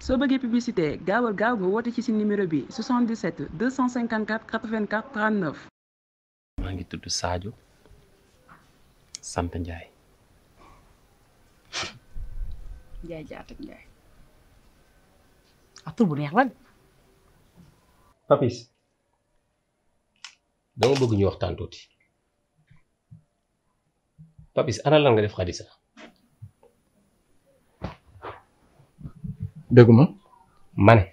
so bëggee publicité gaawal gaaw nga woote ci si numéro bi 77 254 84 39. maa ngi tudd Sadio sant Ndiaye. Ndiaye Diatta Ndiaye. ah tur bu neex la. Papis dama bëgg ñu waxtaan tuuti. Papis ana lan nga def Khadija. dëgguma ma ne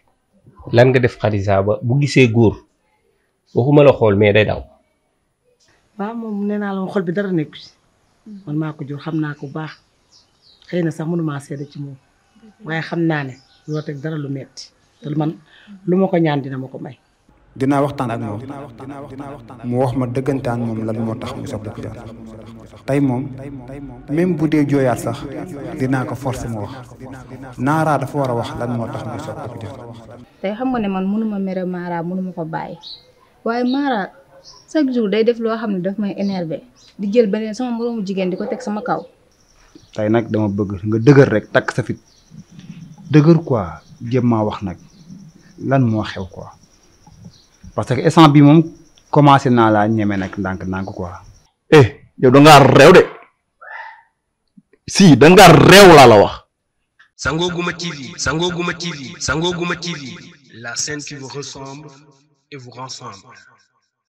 lan nga def Khadija ba bu gisee góor waxuma la xool mais day daw. ba moom nee naa la xol bi dara nekku si man maa ko jur xam naa ko bu baax xëy na ma mënumaa seede ci moom waaye xam naa ne loo teg dara lu metti te man lu ma ko ñaan dina ma ko may. dinaa waxtaan ak moom mu wax ma dëggantaan moom lan moo tax mu soxla ci yàlla tey moom même bu dee jooyaat sax dinaa ko force mu wax Naaraa dafa war a wax lan moo tax mu soxla ci yàlla. tey xam nga ne man mënu ma mere Mara ma ko bàyyi waaye Mara jour day def loo xam ne daf may énervé di jël beneen sama moroomu jigéen di ko teg sama kaw. tey nag dama bëgg nga dëgër rek takk sa fit dëgër quoi jéem maa wax nag lan moo xew quoi. parce que instant bi moom commencé naa la ñeme nag ndànk ndànk quoi. eh yow da ngaa réew de si da ngaa réew laa Sango Gouma TV Sango Gouma TV Sango Gouma TV la scène qui vous ressemble et vous rassemble.